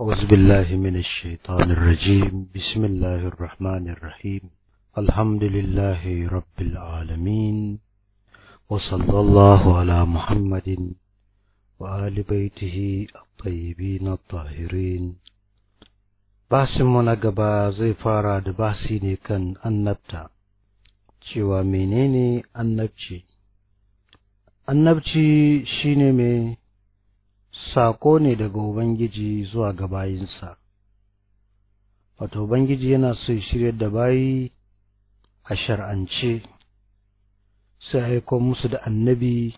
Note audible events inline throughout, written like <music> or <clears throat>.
أعوذ بالله من الشيطان الرجيم بسم الله الرحمن الرحيم الحمد لله رب العالمين وصلى الله على محمد وآل بيته الطيبين الطاهرين mu na gaba فاراد fara da basi شوى منيني annabta cewa شيني مي saƙo ne daga Ubangiji zuwa ga bayinsa. Wato, Ubangiji yana so ya shirya da bayi a shar'ance, sai aiko musu da annabi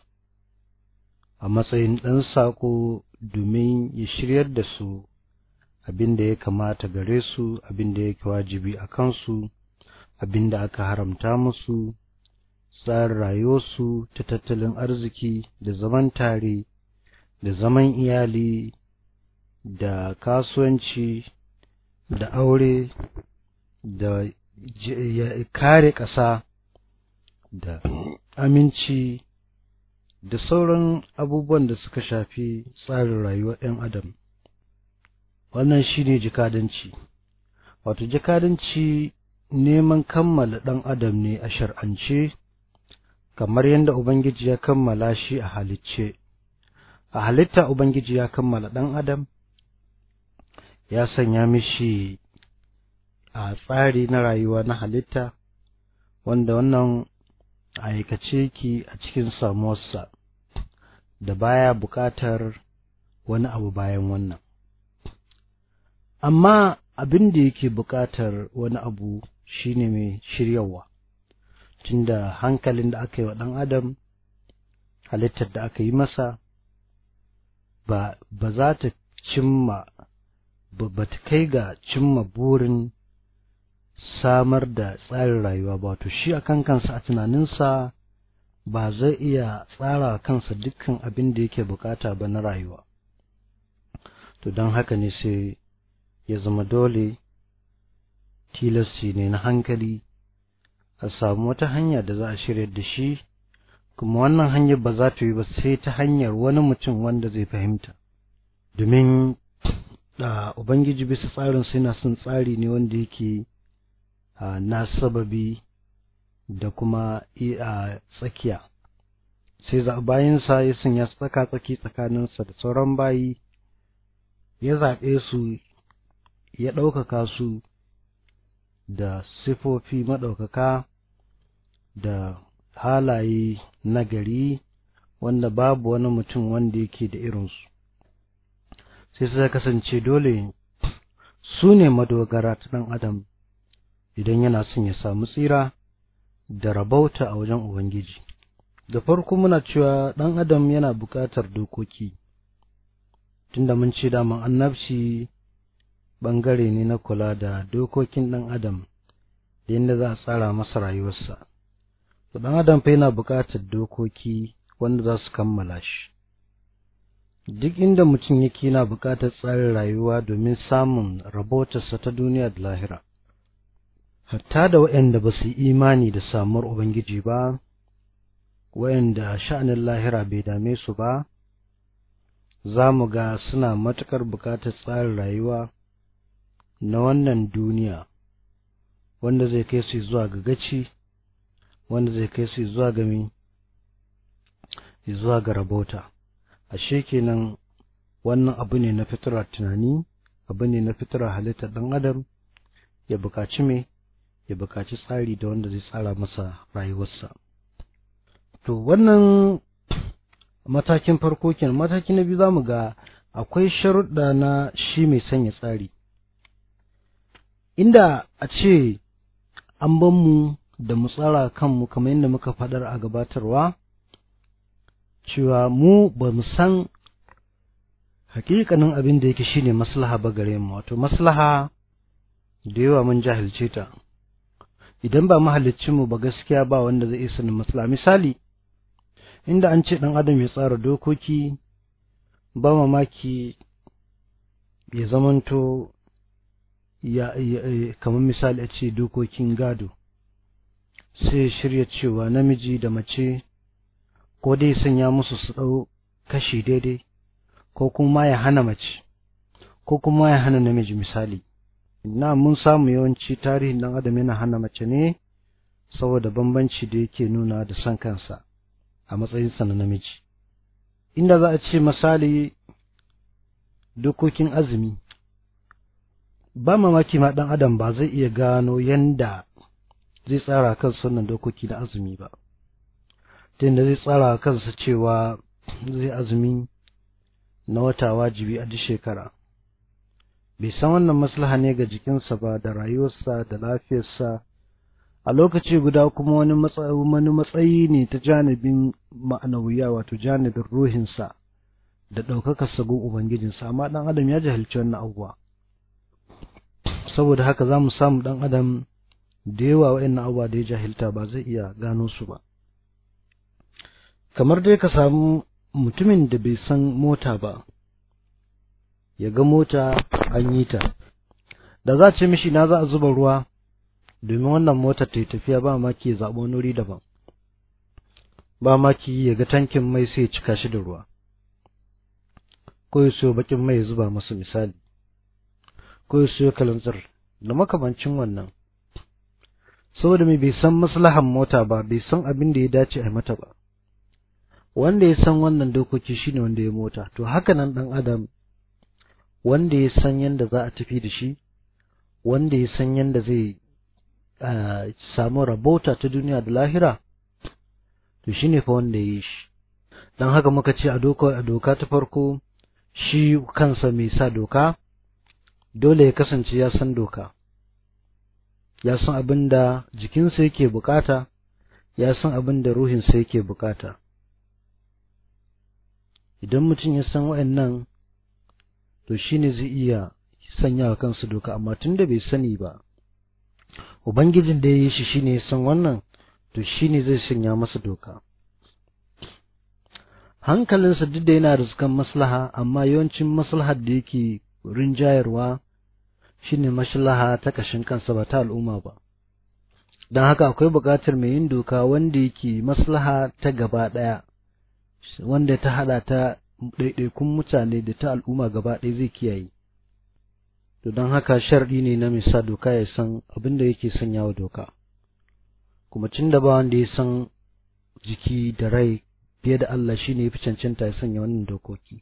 a matsayin ɗan saƙo domin ya shiryar da su abin da ya kamata gare su, abin da yake wajibi a kansu, abin da aka haramta musu, tsarin rayuwarsu ta tattalin arziki da zaman tare. da zaman iyali da kasuwanci da aure da kare ƙasa da aminci da sauran abubuwan da suka shafi tsarin rayuwar ɗan adam wannan shine jikadanci wato jikadanci neman kammala ɗan adam ne a shar'ance kamar yadda ubangiji ya kammala shi a halicce a halitta ubangiji ya kammala ɗan adam ya sanya mishi a tsari na rayuwa na halitta wanda wannan aikace ki a cikin samuwarsa da baya buƙatar wani abu bayan wannan amma abin da yake buƙatar wani abu shine mai shiryawa tunda hankalin da aka yi wa ɗan adam halittar da aka yi masa ba za ta cimma ba ta kai ga cimma burin samar da tsarin rayuwa ba to shi akan kansa a tunaninsa ba zai iya tsara kansa dukkan abin da yake bukata ba na rayuwa to don haka ne sai ya zama dole tilasti ne na hankali a samu wata hanya da za a shirya da shi kuma wannan hanyar ba za ta yi ba sai ta hanyar wani mutum wanda zai fahimta domin da ubangiji bisa tsarin suna yana son tsari ne wanda yake na sababi da kuma a tsakiya sai za bayansa ya sanya tsaka tsaki tsakaninsa da sauran bayi ya zaɓe su ya ɗaukaka su da sifofi maɗaukaka da halaye nagari wanda babu wani mutum wanda yake da irinsu sai su kasance dole su ne madogara ta ɗan adam idan yana son ya samu tsira da rabauta a wajen ubangiji da farko muna cewa ɗan adam yana buƙatar dokoki tunda mun ce daman annabci ɓangare ne na kula da dokokin ɗan adam da yadda za a tsara masa rayuwarsa dan adam fa yana buƙatar dokoki wanda za su kammala shi duk inda mutum yake yana buƙatar tsarin rayuwa domin samun rabotarsa ta duniya da lahira hatta da wayanda ba su yi imani da samuwar ubangiji ba wayanda sha'anin lahira bai dame su ba za mu ga suna matuƙar buƙatar tsarin rayuwa na wannan duniya wanda zai kai su zuwa ga gaci wanda zai kai su zuwa ga zuwa ga rabota ashe kenan wannan abu ne na fitura tunani abu ne na fitura halitta dan adam ya bukaci me ya bukaci tsari da wanda zai tsara masa rayuwarsa to wannan matakin farko kenan mataki na biyu zamu ga akwai sharuɗa na shi mai sanya tsari inda a ce an ban mu da mu tsara kanmu kamar yadda muka faɗar a gabatarwa cewa mu ba mu san hakikanin abin da yake shine maslaha ba gare mu wato maslaha da yawa mun jahilce ta idan ba mahallicin mu ba gaskiya ba wanda zai isa sanin maslaha misali inda an ce dan adam ya tsara dokoki ba mamaki ya zamanto ya eh, kamar misali a ce dokokin gado sai shirya cewa namiji da mace ko dai sanya musu su ɗau kashi daidai ko kuma ya hana mace ko kuma ya hana namiji misali na mun samu yawanci tarihin dan adam yana hana mace ne saboda bambanci da yake nuna da san kansa a matsayinsa na namiji inda za a ce misali dokokin azumi ba mamaki ma ɗan adam ba zai iya gano yanda zai tsara kansa wannan dokoki na azumi ba ta yadda zai tsara kansa cewa zai azumi na wata wajibi a duk shekara bai san wannan maslaha ne ga jikinsa ba da rayuwarsa da lafiyarsa a lokaci guda kuma wani matsayi ne ta janibin ma'anawiya wato janibin ruhinsa da ɗaukakar sagun ubangijinsa amma ɗan adam ya jahilci wannan abubuwa saboda haka za mu samu ɗan adam da yawa waɗannan abubuwa da ya jahilta ba zai iya gano su ba kamar dai ka samu mutumin da bai san mota ba ya ga mota an yi ta da za a ce mishi na za a zuba ruwa domin wannan motar ta yi tafiya ba maki ya zaɓo nuri daban ba maki ya ga tankin mai sai ya cika shi da ruwa ko ya siyo bakin mai zuba masu misali ko ya siyo kalantsar. da makamancin wannan saboda mai bai san maslahan mota ba bai san abin da ya dace a mata ba wanda ya san wannan dokoki shine wanda ya mota to haka nan dan adam wanda ya san yanda za a tafi da shi wanda ya san yanda zai samu rabota ta duniya da lahira to shine fa wanda ya yi shi dan haka muka ce a doka a doka ta farko shi kansa mai sa doka dole ya kasance ya san doka ya san abin da jikinsa yake bukata ya san abin da ruhinsa yake bukata idan mutum ya san wa'annan to shi ne zai iya sanya wa kansu doka amma da bai sani ba ubangijin da ya yi shi shine ya san wannan to shi ne zai sanya masa doka hankalinsa duk da yana riskan maslaha amma yawancin maslahar da yake rinjayarwa shine maslaha ta kashin kansa ba ta al'umma ba don haka akwai buƙatar mai yin doka wanda yake maslaha ta gaba ɗaya wanda ta haɗa ta ɗaiɗaikun mutane da ta al'umma gaba ɗaya zai kiyaye to don haka sharɗi ne na mai sa doka ya san abin da yake sanya wa doka kuma cin da ba wanda ya san jiki da rai fiye da Allah shine ya fi cancanta ya sanya wannan dokoki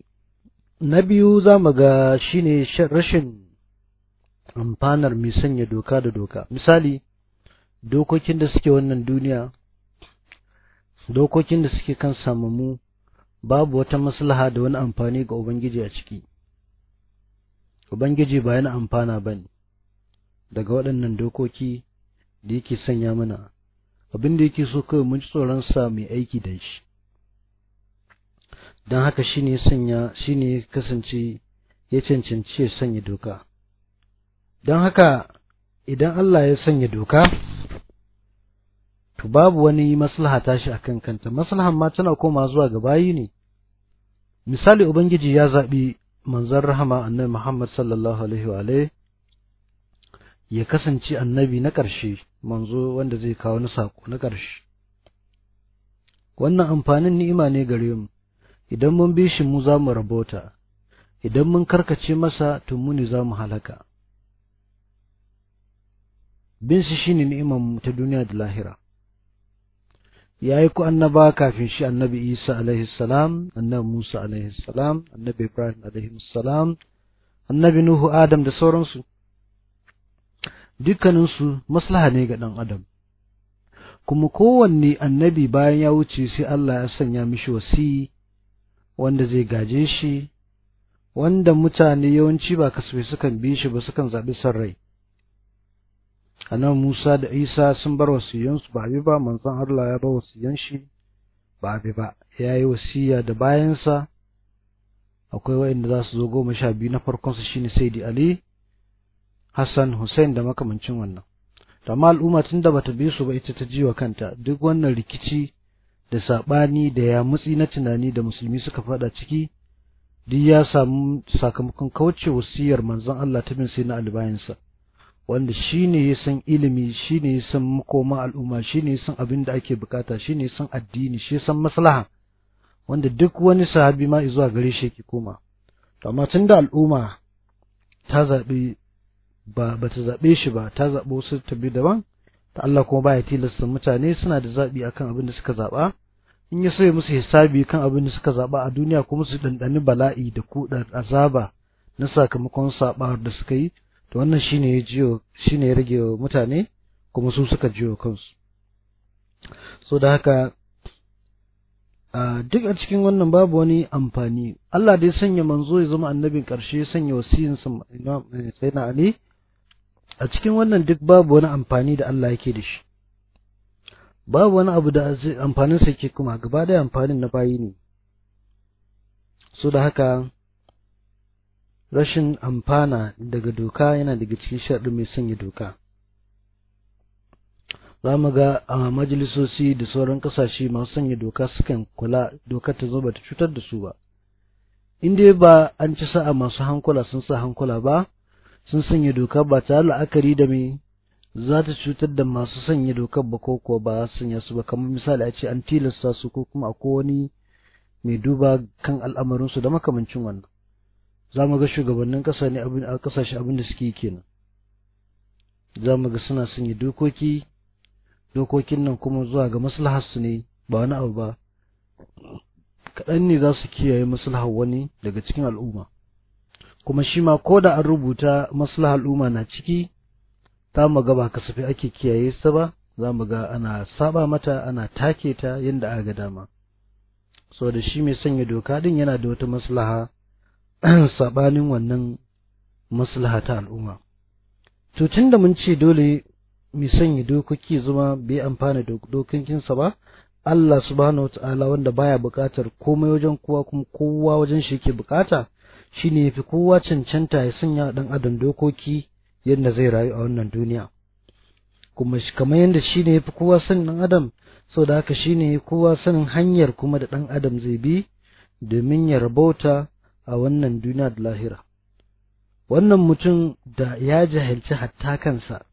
na biyu za mu ga shine rashin amfanar mai sanya doka da doka misali dokokin da suke wannan duniya dokokin da suke kan samamu babu wata maslaha da wani amfani ga ubangiji a ciki ubangiji ba yana amfana ba ne daga waɗannan dokoki da yake sanya mana abin da yake so kawai mun ci tsoron sa mai aiki da shi don haka shine sanya shine kasance ya cancanci ya sanya doka don haka idan Allah ya sanya doka to babu wani maslaha tashi akan kanta maslahan ma tana koma zuwa ga bayi ne misali ubangiji ya zaɓi manzon rahama annabi Muhammad sallallahu alaihi wa ya kasance annabi na ƙarshe manzo wanda zai kawo na sako na ƙarshe wannan amfanin ni'ima ne gare mu idan mun bi shi mu za mu rabota idan mun karkace masa to mu ne za mu halaka bin su shine ni'imar mu ta duniya da lahira yayi ku annaba kafin shi annabi Isa alaihi salam annabi Musa alaihi salam annabi Ibrahim alaihi salam annabi Nuhu Adam da sauransu dukkaninsu maslaha ne ga ɗan adam kuma kowanne annabi bayan ya wuce sai Allah ya sanya mishi wasi wanda zai gaje shi wanda mutane yawanci ba kasafai sukan bi shi ba sukan zaɓi son rai annabi Musa da Isa sun bar wasiyansu ba bi ba manzon Allah ya bar wasiyan shi ba bi ba yayi wasiya da bayansa akwai wa'inda za su zo goma sha biyu na farkon su shine Saidi Ali Hassan Hussein da makamancin wannan to amma al'umma tun da bata bi su ba ita ta ji wa kanta duk wannan rikici da sabani da ya mutsi na tunani da musulmi suka fada ciki duk ya samu sakamakon kauce wasiyar manzon Allah ta bin sai na albayinsa wanda shine ya san ilimi shine ya san makoma al'umma shine ya san abin da ake bukata shine ya san addini shi ya san maslaha wanda duk wani sahabi ma zuwa gare shi yake koma to amma tunda al'umma ta zabi ba bata zabe shi ba ta zabo wasu tabi daban ta Allah kuma baya tilasta mutane suna da zabi akan abin da suka zaba in ya soye musu hisabi kan abin da suka zaba a duniya kuma su dandani bala'i da kuɗa azaba na sakamakon sabar da suka yi to wannan shine jiyo shine ya rage wa mutane kuma su suka jiyo kansu so da haka duk a cikin wannan babu wani amfani Allah dai sanya manzo ya zama annabin karshe sanya wasiyin na eh, Ali a cikin wannan duk babu wani amfani da Allah yake da shi babu wani abu da amfaninsa ke kuma gaba da amfanin na bayi ne so da haka Rashin amfana daga doka yana daga cikin shaɗu mai sanya doka. Za mu ga a Majalisosi da sauran ƙasashe masu sanya doka sukan kula doka ta zo ba cutar da su ba. In dai ba an ci sa'a masu hankula sun sa hankula ba, sun sanya doka ba tare la'akari da me za ta cutar da masu sanya dokar ba ko kuwa ba sanya su ba kamar misali a ce an tilasta su ko kuma akwai wani mai duba kan al'amarinsu da makamancin wannan. za mu ga shugabannin ƙasa ne a ƙasashe abin da suke kenan za mu ga suna sanya dokoki dokokin nan kuma zuwa ga maslahar su ne ba wani abu ba kaɗan ne za su kiyaye maslahar wani daga cikin al'umma kuma shi ma ko da an rubuta maslahar al'umma na ciki za mu ga ba kasafi ake kiyaye sa ba za mu ga ana saba mata ana take ta yadda aka ga dama sau da shi mai sanya doka din yana da wata maslaha <clears throat> sabanin wannan maslaha al'umma to tunda mun ce dole mu sanya dokoki zuma bai amfana da dokokinsa ba Allah subhanahu wata'ala wanda baya buƙatar komai wajen kowa kuma kowa wajen shi yake buƙata shine yafi kowa cancanta ya sanya dan adam dokoki yadda zai rayu a wannan duniya kuma kamar yadda shine yafi kowa sanin dan adam da haka shine kowa sanin hanyar kuma da dan adam zai bi domin ya rabauta a wannan duniya da lahira wannan mutum da ya jahilci hatta kansa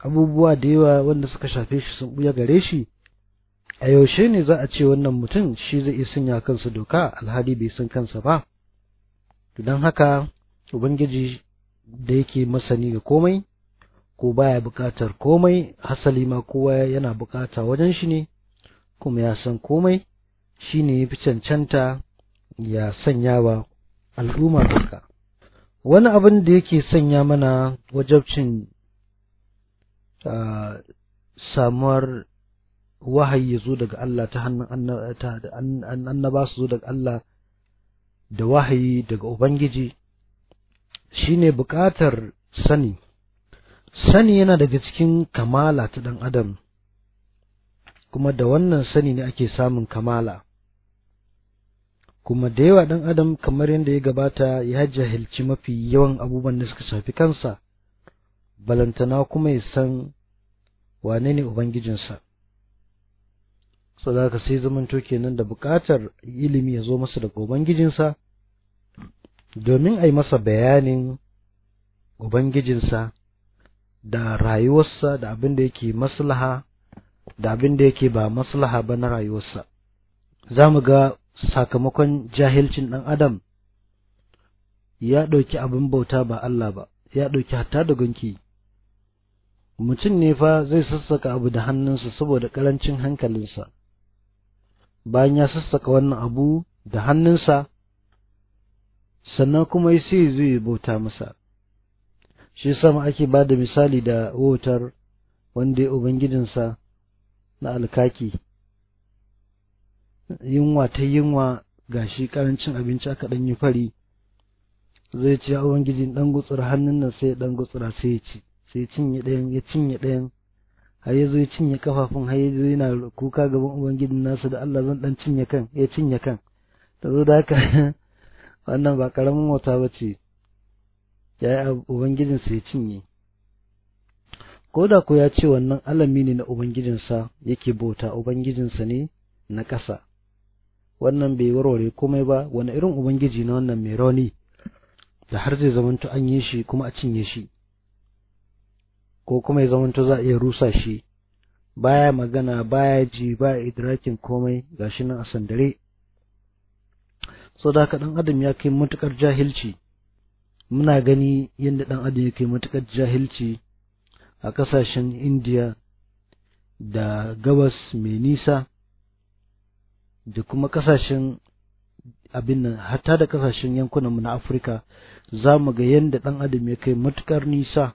abubuwa da yawa wanda suka shafe shi sun buya gare shi a yaushe ne za a ce wannan mutum shi zai iya sanya kansa doka alhali bai san kansa ba don haka ubangiji da yake masani ga komai ko baya bukatar komai hasali ma kowa yana bukata wajen shi ne kuma ya san komai shine fi cancanta ya sanya wa al'umma haka wani abin da yake sanya mana wajabcin samuwar wahayi zo daga Allah ta hannun annaba su zo daga Allah da wahayi daga Ubangiji shine bukatar sani sani yana daga cikin kamala ta ɗan adam kuma da wannan sani ne ake samun kamala kuma da yawa ɗan adam kamar yadda ya gabata ya jahilci mafi yawan abubuwan da suka shafi kansa balantana kuma ya san wane ne ubangijinsa sadaka sai zamanto kenan da buƙatar ilimi ya zo masa daga ubangijinsa domin a yi masa bayanin ubangijinsa da rayuwarsa da abin da yake maslaha da abin da yake ba maslaha ba na rayuwarsa za mu ga sakamakon jahilcin ɗan adam ya ɗauki abin bauta ba Allah ba ya ɗauki hatta da gunki mutum ne fa zai sassaka abu da hannunsa saboda ƙarancin hankalinsa bayan ya sassaka wannan abu da hannunsa sannan kuma yi zai bauta masa shi sama ake ba da misali da wutar wanda ya ubangijinsa na alkaki yunwa ta yunwa gashi karancin abinci aka dan yi fari zai ce a gijin dan gutsura hannun nan sai dan gutsura sai ya ci sai cinye ɗayan ya cinye ɗayan har ya zo ya cinye kafafun har ya zo yana kuka gaban ubangijin nasu da Allah zan dan cinye kan ya cinye kan ta zo da haka <laughs> wannan ba karamin wata ba ce ya yi ubangijinsa ya cinye ko da ko ya ce wannan alami ne na ubangijinsa yake bauta ubangijinsa ne na ƙasa wannan bai warware komai ba wani irin ubangiji na wannan mai rauni da har zai zamanto an yi shi kuma a cinye shi ko kuma ya zamanto za a iya rusa shi baya magana baya ji baya idrakin komai gashi nan a sandare so da haka dan adam ya kai matukar jahilci muna gani yadda dan adam ya kai matukar jahilci a kasashen indiya da gabas mai nisa da kuma kasashen abin nan hatta da kasashen yankunanmu na Afirka za mu ga yadda ɗan adam ya kai matuƙar nisa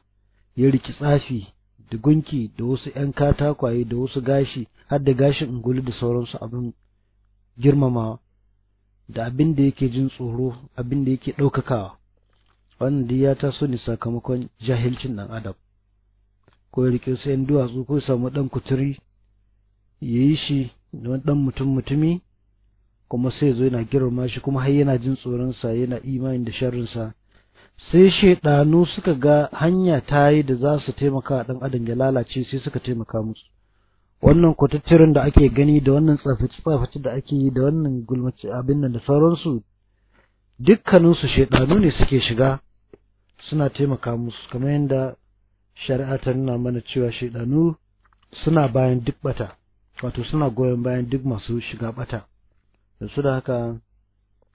ya riki tsafi da gunki da wasu ‘yan katakwaye da wasu gashi har da gashin ungulu da sauransu abin girmamawa da abin da yake jin tsoro abin da yake ɗaukakawa wannan dai ya taso ne sakamakon jahilcin ɗan adam ko ya riƙe su ‘yan duwatsu ko ya samu ɗan kuturi ya yi shi dan mutum mutumi kuma sai zo yana girma shi kuma har yana jin tsoron sa yana imani da sharrin sai shedanu suka ga hanya ta yi da za su taimaka ɗan adam ya lalace sai suka taimaka musu wannan kwatattirin da ake gani da wannan tsafaci-tsafaci da ake yi da wannan gulmaci abin nan da sauransu dukkaninsu shaidanu ne suke shiga suna taimaka musu kamar yadda shari'a ta nuna mana cewa shaidanu suna bayan duk bata wato suna goyon bayan duk masu shiga bata su da haka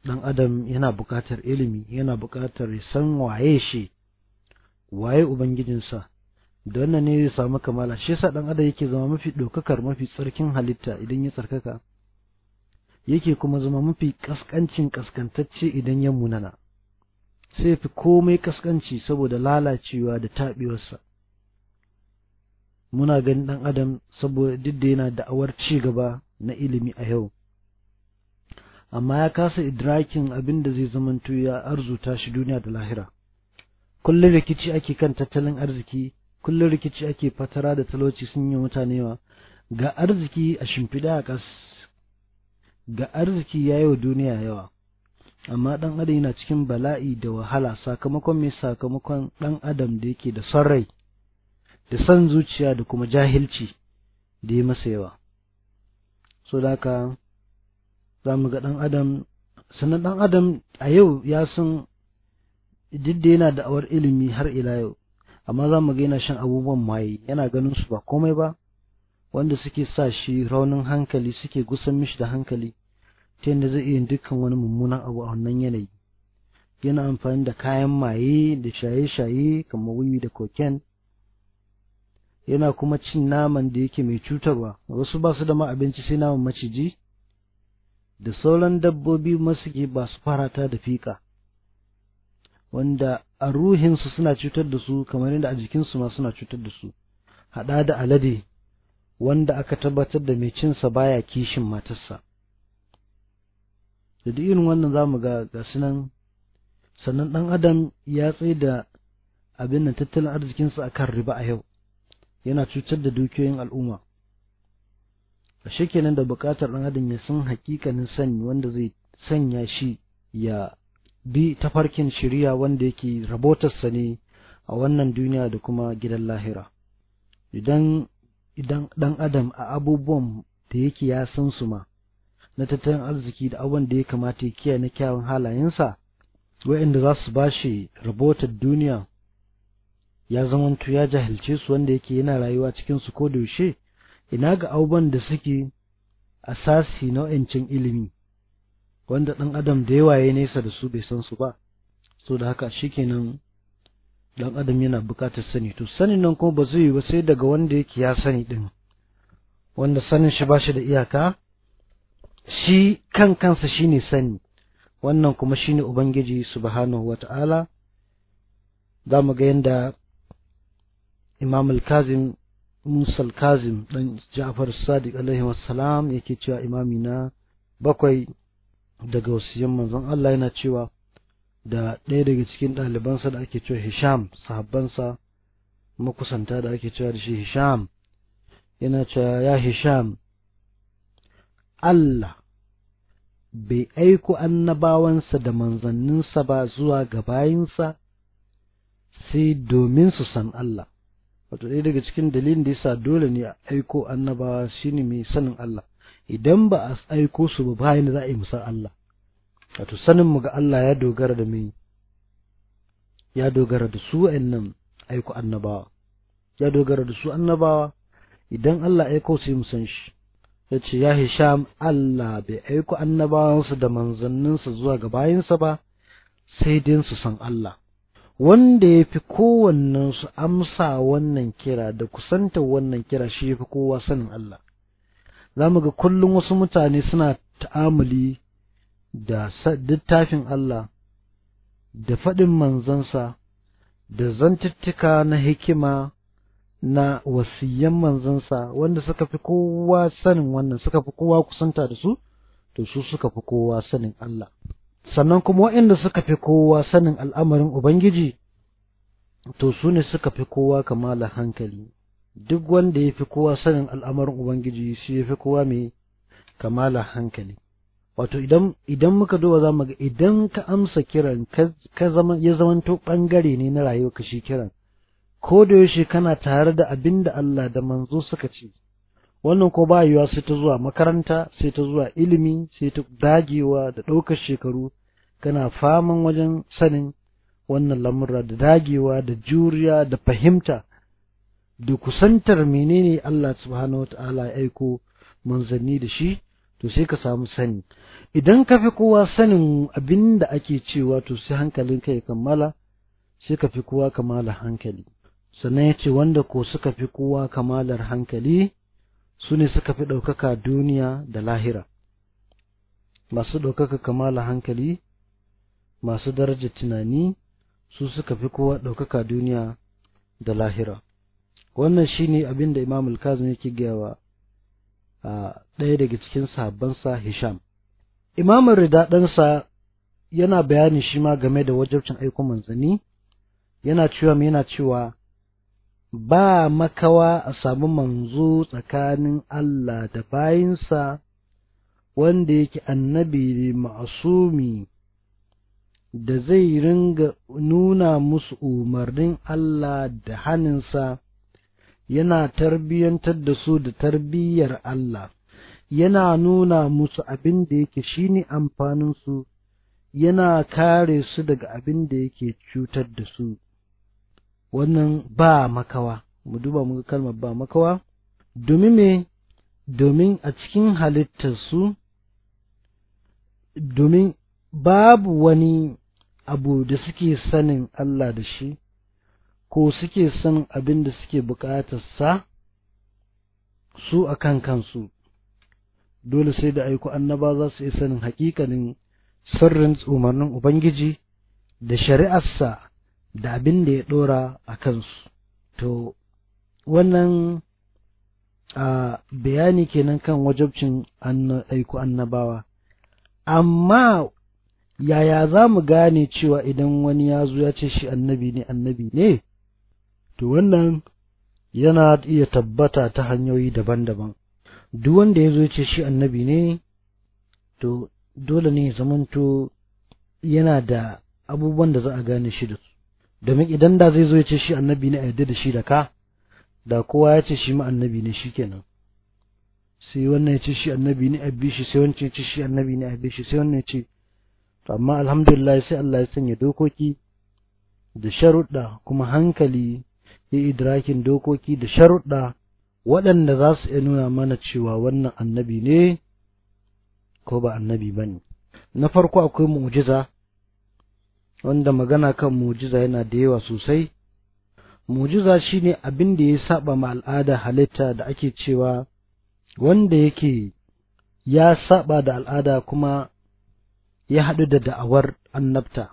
dan adam yana buƙatar ilimi yana buƙatar san waye shi waye ubangijinsa da wannan ne zai samu kamala shi yasa dan adam yake zama mafi ɗaukakar mafi tsarkin halitta idan ya tsarkaka yake kuma zama mafi kaskancin kaskantacce idan ya munana sai fi komai kaskanci saboda lalacewa da tabiwarsa muna ganin ɗan adam saboda duk da yana da'awar ci gaba na ilimi a yau amma ya kasa idrakin abin da zai zamanto ya arzuta shi duniya da lahira kullum rikici ake kan tattalin arziki kullum rikici ake fatara da talauci sun yi mutane wa ga arziki a shimfiɗa a ƙas ga arziki ya yi wa duniya yawa amma ɗan adam yana cikin bala'i da wahala sakamakon mai sakamakon ɗan adam da yake da son rai da san zuciya da kuma jahilci da ya masa yawa so da ka za mu ga ɗan adam sannan ɗan adam a yau ya san duk da yana da'awar ilimi har ila yau amma za mu ga yana shan abubuwan maye yana ganin su ba komai ba wanda suke sa shi raunin hankali suke gusan mishi da hankali ta yadda zai iya dukkan wani mummunan abu a wannan yanayi yana amfani da kayan maye da shaye-shaye kamar wiwi da koken yana kuma cin naman da yake mai cutarwa wasu ba su da ma abinci sai naman maciji da sauran dabbobi masuke ba su farata da fika wanda a ruhinsu suna cutar da su kamar yadda a jikinsu ma suna cutar da su haɗa da alade wanda aka tabbatar da mai cinsa baya kishin matarsa da duk irin wannan za mu ga gasu nan sannan ɗan adam ya tsaye da abin nan tattalin arzikinsa akan riba a yau yana cutar da dukiyoyin al'umma a kenan da buƙatar ɗan adam ya san hakikanin sani wanda zai sanya shi ya bi ta farkin shiriya wanda yake rabotarsa ne a wannan duniya da kuma gidan lahira idan idan ɗan adam a abubuwan da yake ya san su ma na tattalin arziki da abubuwan da ya kamata ya kiyaye na kyawun halayensa wa'inda za su ba shi rabotar duniya ya zamantu ya jahilce su wanda yake yana rayuwa cikin su ko yaushe ina ga auban da suke asasi na wayancin ilimi wanda ɗan adam da yawa ya nesa da su bai san su ba so da haka shikenan ɗan adam yana buƙatar sani to sanin nan kuma ba zai yi ba sai daga wanda yake ya sani ɗin wanda sanin shi ba shi da iyaka shi kan kansa shi ne sani wannan kuma shi ne ubangiji subhanahu wata'ala za mu ga yadda imam al-kazim musa al-kazim dan ja'far sadiq alaihi wassalam yake cewa imamina bakwai daga wasiyyan manzon Allah yana cewa da ɗaya daga cikin ɗalibansa da ake cewa hisham sahabbansa makusanta da ake cewa da shi hisham yana cewa ya hisham Allah bai aiko annabawansa da manzanninsa ba zuwa ga bayinsa sai domin su san Allah wato ɗaya daga cikin dalilin da yasa dole ne a aiko annabawa shine mai sanin Allah idan ba a aiko su ba bayan za a yi musan Allah wato sanin mu ga Allah ya dogara da mai ya dogara da su wa'annan aiko annabawa ya dogara da su annabawa idan Allah aiko su yi musan shi ya ce ya hisham Allah bai aiko annabawansu da manzanninsa zuwa ga bayansa ba sai dai su san Allah wanda ya fi kowannensu amsa wannan kira da kusanta wannan kira shi ya fi kowa sanin Allah za mu ga kullum wasu mutane suna ta'amali da littafin Allah da faɗin manzansa da zantuttuka na hikima na wasiyan manzansa wanda suka fi kowa sanin wannan suka fi kowa kusanta da su to su suka fi kowa sanin Allah sannan kuma waɗanda suka fi kowa sanin al'amarin Ubangiji, to su ne suka fi kowa kamala hankali, duk wanda ya fi kowa sanin al'amarin Ubangiji shi ya fi kowa mai kamala hankali. Wato idan muka zo za mu ga idan ka amsa kiran ka zama ya zamanto ɓangare ne na rayuwa ka shi kiran, ko da yaushe kana tare da abin da Allah da manzo suka ce, wannan ko ba yiwuwa sai ta zuwa makaranta sai ta zuwa ilimi sai ta dagewa da ɗaukar shekaru kana faman wajen sanin wannan lamura da dagewa da juriya da fahimta da kusantar menene Allah subhanahu ta'ala ya aiko manzanni da shi to sai ka samu sani idan ka fi kowa sanin abin da ake cewa to sai hankalin ka ya kammala sai ka fi kowa kamalar hankali sannan ya ce wanda ko suka fi kowa kamalar hankali su ne suka fi ɗaukaka duniya da lahira masu ɗaukaka kamala hankali masu daraja tunani su suka fi kowa ɗaukaka duniya da lahira wannan shine abin da imam al yake gayawa a ɗaya daga cikin sahabbansa hisham imamun rida ɗansa yana bayani shi ma game da wajabcin aiko manzanni yana cewa yana cewa ba makawa a samu manzo tsakanin Allah da bayinsa wanda yake annabi ne ma'asumi da zai ringa nuna musu umarnin Allah da haninsa yana tarbiyyantar da su da tarbiyyar Allah yana nuna musu abin da yake shi ne amfaninsu yana kare su daga abin da yake cutar da su wannan ba makawa mu duba muga kalmar ba makawa domin me domin a cikin halittarsu domin babu wani abu da suke sanin Allah da shi ko suke san abin da suke sa su a kan kansu dole sai da aiko annaba za su yi sanin hakikanin sirrin umarnin Ubangiji da shari'arsa da abin da ya ɗora a kansu to wannan a bayani kenan kan wajabcin aiko annabawa amma yaya za mu gane cewa idan wani ya zo ya ce shi annabi ne annabi ne to wannan yana iya tabbata ta hanyoyi daban-daban duk wanda ya zo ya ce shi annabi ne to dole ne zamanto yana da abubuwan da za a gane shi da su domin idan da zai zo ya ce shi annabi ne a yadda da shi da ka da kowa ya ce shi ma annabi ne shi kenan sai wannan ya ce shi annabi ne a bi shi sai wancan ya ce shi annabi ne a bi shi sai wannan ya ce amma alhamdulillah sai Allah ya sanya dokoki da sharuɗa kuma hankali ya idrakin dokoki da sharuɗa waɗanda za su iya nuna mana cewa wannan annabi ne ko ba annabi ba ne na farko akwai mu'jiza wanda magana kan mujiza yana da yawa sosai mujiza shine abin da ya saba ma al'ada halitta da ake cewa wanda yake ya saba da al'ada kuma ya haɗu da da'awar annabta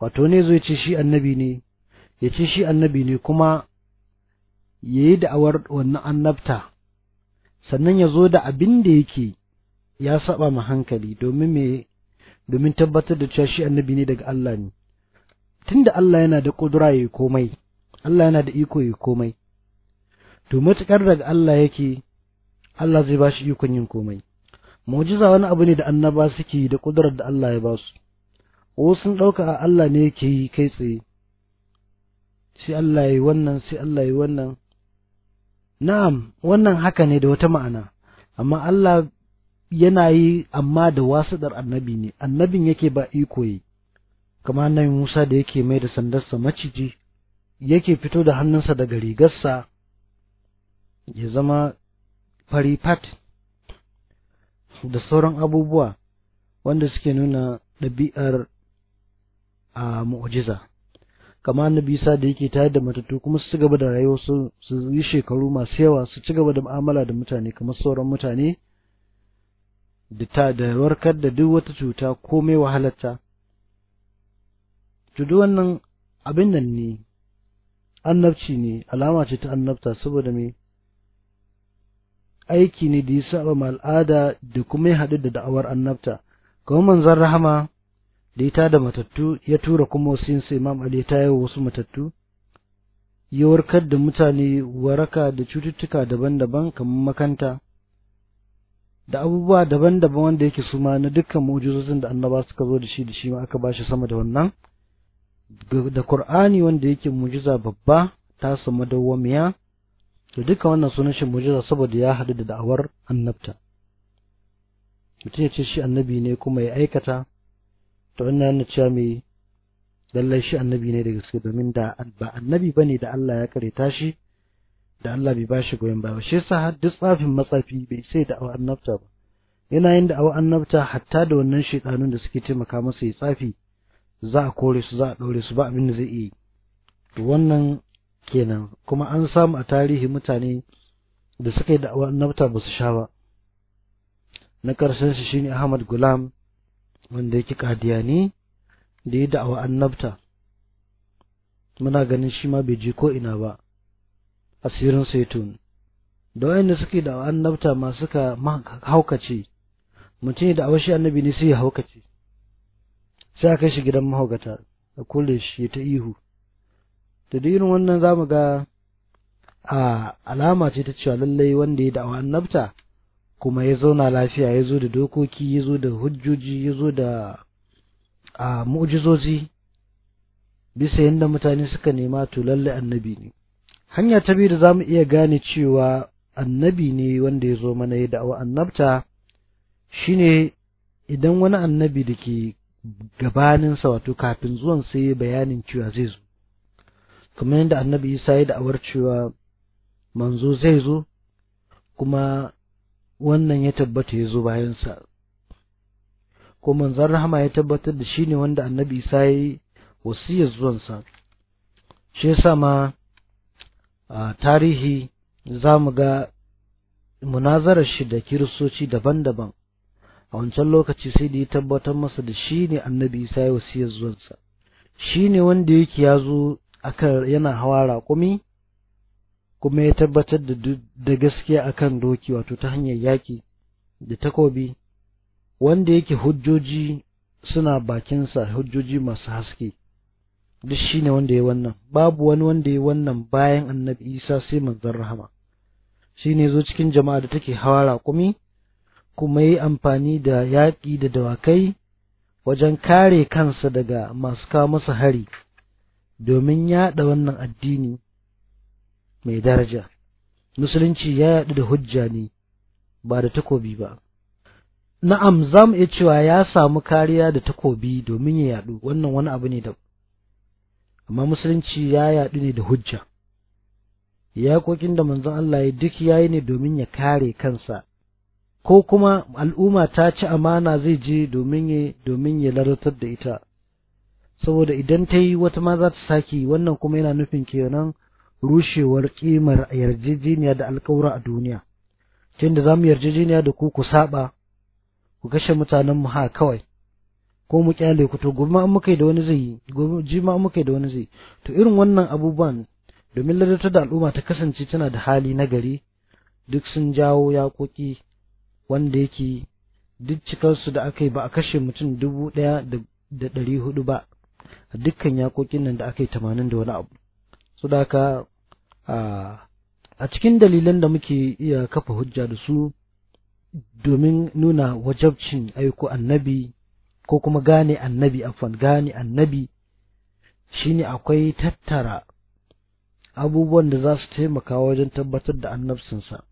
wato ne zo ce shi annabi ne ya ce shi annabi ne kuma ya yi da'awar wannan annabta sannan ya zo da abin da yake ya saba ma hankali domin mai. domin tabbatar da cewa shi annabi ne daga Allah ne tunda Allah yana da kudura yayi komai Allah yana da iko yayi komai to matuƙar daga Allah yake Allah zai ba shi ikon yin komai mu'jiza wani abu ne da annaba suke da kudurar da Allah ya ba su wasu sun dauka Allah ne yake yi kai tsaye sai Allah ya yi wannan sai Allah ya yi wannan na'am wannan haka ne da wata ma'ana amma Allah yana yi amma da wasuɗar annabi ne annabin yake ba iko yi kama nan Musa da yake mai da sandarsa maciji yake fito da hannunsa daga rigarsa ya zama fari fat da sauran abubuwa wanda suke nuna ɗabi'ar a mu'ujiza. kama annabi Isa da yake tayar da matattu kuma su ci gaba da rayuwa su yi shekaru masu yawa su ci gaba da mu'amala da mutane kamar sauran mutane da warkar da duk wata cuta komai wahalarta to wannan abin nan ne annabci ne alama ce ta annabta saboda me aiki ne da ya saba ma al'ada da kuma ya haɗu da da'awar annabta kamar manzon rahama da ya tada matattu ya tura kuma wasu sai imam ali ya tayo wasu matattu ya warkar da mutane waraka da cututtuka daban-daban kamar makanta da abubuwa daban-daban wanda yake su ma na dukkan mu'jizozin da annaba suka zo da shi da shi ma aka bashi sama da wannan da Qur'ani wanda yake mu'jiza babba ta samu dawwamiya to duka wannan sunan shi mu'jiza saboda ya hadu da da'awar annabta mutum ya ce shi annabi ne kuma ya aikata to wannan yana cewa mai lallai shi annabi ne da gaske domin da ba annabi bane da Allah ya kareta shi da Allah bai bashi goyon baya shi yasa har duk tsafin matsafi bai sai da awa annabta ba yana yin da awan annabta hatta da wannan shaytanun da suke taimaka masa ya tsafi za a kore su za a ɗaure su ba abin da zai yi To wannan kenan kuma an samu a tarihi mutane da suka yi da awa annabta ba su sha ba na karshen shi shine Ahmad Gulam wanda yake kadiyani da ya awan annabta muna ganin shi ma bai je ko ina ba asirin saitun da wayanda suke da annabta ma suka haukace mutum da da'awar shi annabi ne sai ya haukace sai aka shi gidan mahaukata a kulle shi ta ihu da irin wannan za mu ga a alama ce ta cewa lallai wanda ya da'awa annabta kuma ya zauna lafiya ya zo da dokoki ya zo da hujjoji ya zo da a mu'jizozi bisa yadda mutane suka nema to lallai annabi ne hanya ta biyu da za mu iya gane cewa annabi ne wanda ya zo mana ya da'awa annabta shine idan wani annabi da ke gabaninsa wato kafin zuwan sai ya bayanin cewa zai zo kamar yadda annabi isa ya da'awar cewa manzo zai zo kuma wannan ya tabbata ya zo bayansa ko manzan rahama ya tabbatar da shi ne wanda annabi isa ya yi wasiyar zuwansa shi sa ma a tarihi za mu ga munazarar shi da kiristoci daban-daban a wancan lokaci sai da ya tabbatar masa da shi ne annabi isa ya wasu zuwansa shi ne wanda yake ya zo aka yana hawa raƙumi kuma ya tabbatar da gaskiya akan doki wato ta hanyar yaƙi da takobi wanda yake hujjoji suna bakinsa hujjoji masu haske duk shi ne wanda ya wannan babu wani wanda ya wannan bayan annabi isa sai manzon rahama ne zo cikin jama'a da take hawa raƙumi kuma yi amfani da yaƙi da dawakai wajen kare kansa daga masu kawo masa hari domin yaɗa wannan addini mai daraja musulunci ya yaɗu da hujja ne ba da takobi ba na'am za mu iya cewa ya samu kariya da takobi domin ya yaɗu wannan wani abu ne da amma musulunci ya yaɗu ne da hujja yaƙoƙin da manzon Allah ya duk yayi ne domin ya kare kansa ko kuma al'umma ta ci amana zai je domin ya domin ya lalatar da ita saboda idan ta yi wata ma za ta sake wannan kuma yana nufin kenan rushewar ƙimar yarjejeniya da alkawura a duniya tunda za mu yarjejeniya da ku ku saɓa ku kashe mutanen mu ha kawai ko mu kyale ku to gobe ma an muka yi da wani zai gobe ji ma an muka yi da wani zai to irin wannan abubuwan domin ladatar da al'umma ta kasance tana da hali na gari duk sun jawo yaƙoƙi wanda yake duk cikarsu da aka yi ba a kashe mutum dubu ɗaya da ɗari hudu ba a dukkan yaƙoƙin nan da aka yi tamanin da wani abu su da aka. a cikin dalilan da muke iya kafa hujja da su domin nuna wajabcin aiko annabi ko kuma gane annabi afwan gane annabi shine akwai tattara abubuwan da za su taimaka wajen tabbatar da annabcinsa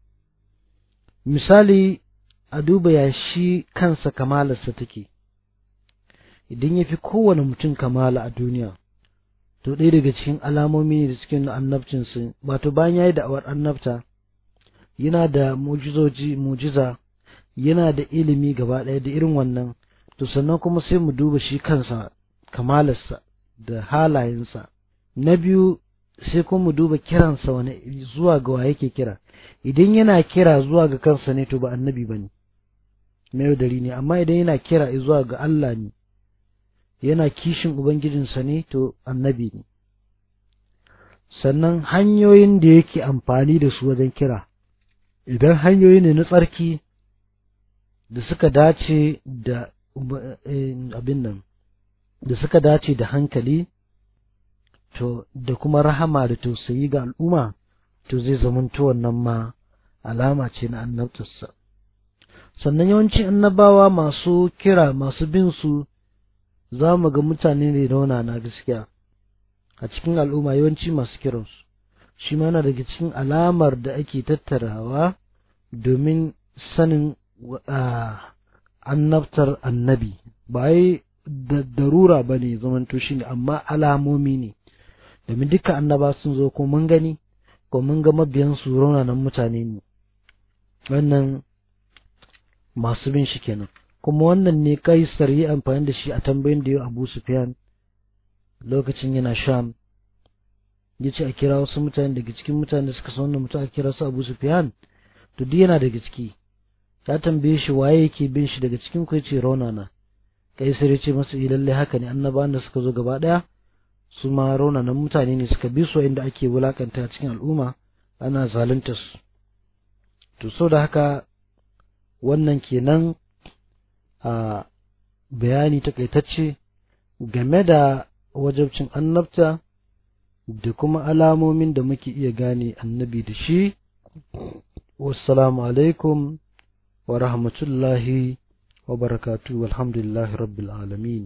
misali a duba ya shi kansa kamalarsa take idan ya fi kowane mutum kamala a duniya to ɗaya daga cikin alamomi ne da suke nuna annabcinsa wato bayan ya yi da'awar annabta yana da mujizoji mujiza yana da ilimi gaba ɗaya da irin wannan to sannan kuma sai mu duba shi kansa kamalarsa da halayensa na biyu sai kuma mu duba kiransa wani zuwa ga wa yake kira idan yana kira zuwa ga kansa ne to ba annabi ba ne mai dari ne amma idan yana kira zuwa ga Allah ne yana kishin ubangijinsa ne to annabi ne sannan hanyoyin da yake amfani da su wajen kira idan hanyoyi ne na tsarki da suka dace da Eh, abin nan da suka dace da hankali to da kuma rahama da tausayi ga al'umma to zai zamanto wannan ma alama ce na annabtarsa sannan yawancin annabawa masu kira masu bin su za mu ga mutane ne rauna na gaskiya a cikin al'umma yawanci masu kiransu shi ma na daga cikin alamar da ake tattarawa domin sanin ah, annabtar annabi ba yi darura ba ne zamanto shi ne amma alamomi ne domin duka annaba sun zo ko mun gani ko mun ga mabiyansu raunanan mutane ne wannan masu bin shi kenan kuma wannan ne kai yi amfani da shi a tambayin da yau abu sufyan lokacin yana sham ya ce a kira wasu mutane daga cikin mutane da suka san wannan mutum a kira su abu sufyan to duk yana daga ciki ta tambaye shi waye yake bin shi daga cikin ku yace raunana kaisar yace masa eh lalle haka ne annabawan da suka zo gaba daya su ma raunanan mutane ne suka bi su inda ake wulakanta cikin al'umma ana zalunta su to so da haka wannan kenan a bayani takaitacce game da wajabcin annabta da kuma alamomin da muke iya gane annabi da shi wassalamu alaikum ورحمة الله وبركاته والحمد لله رب العالمين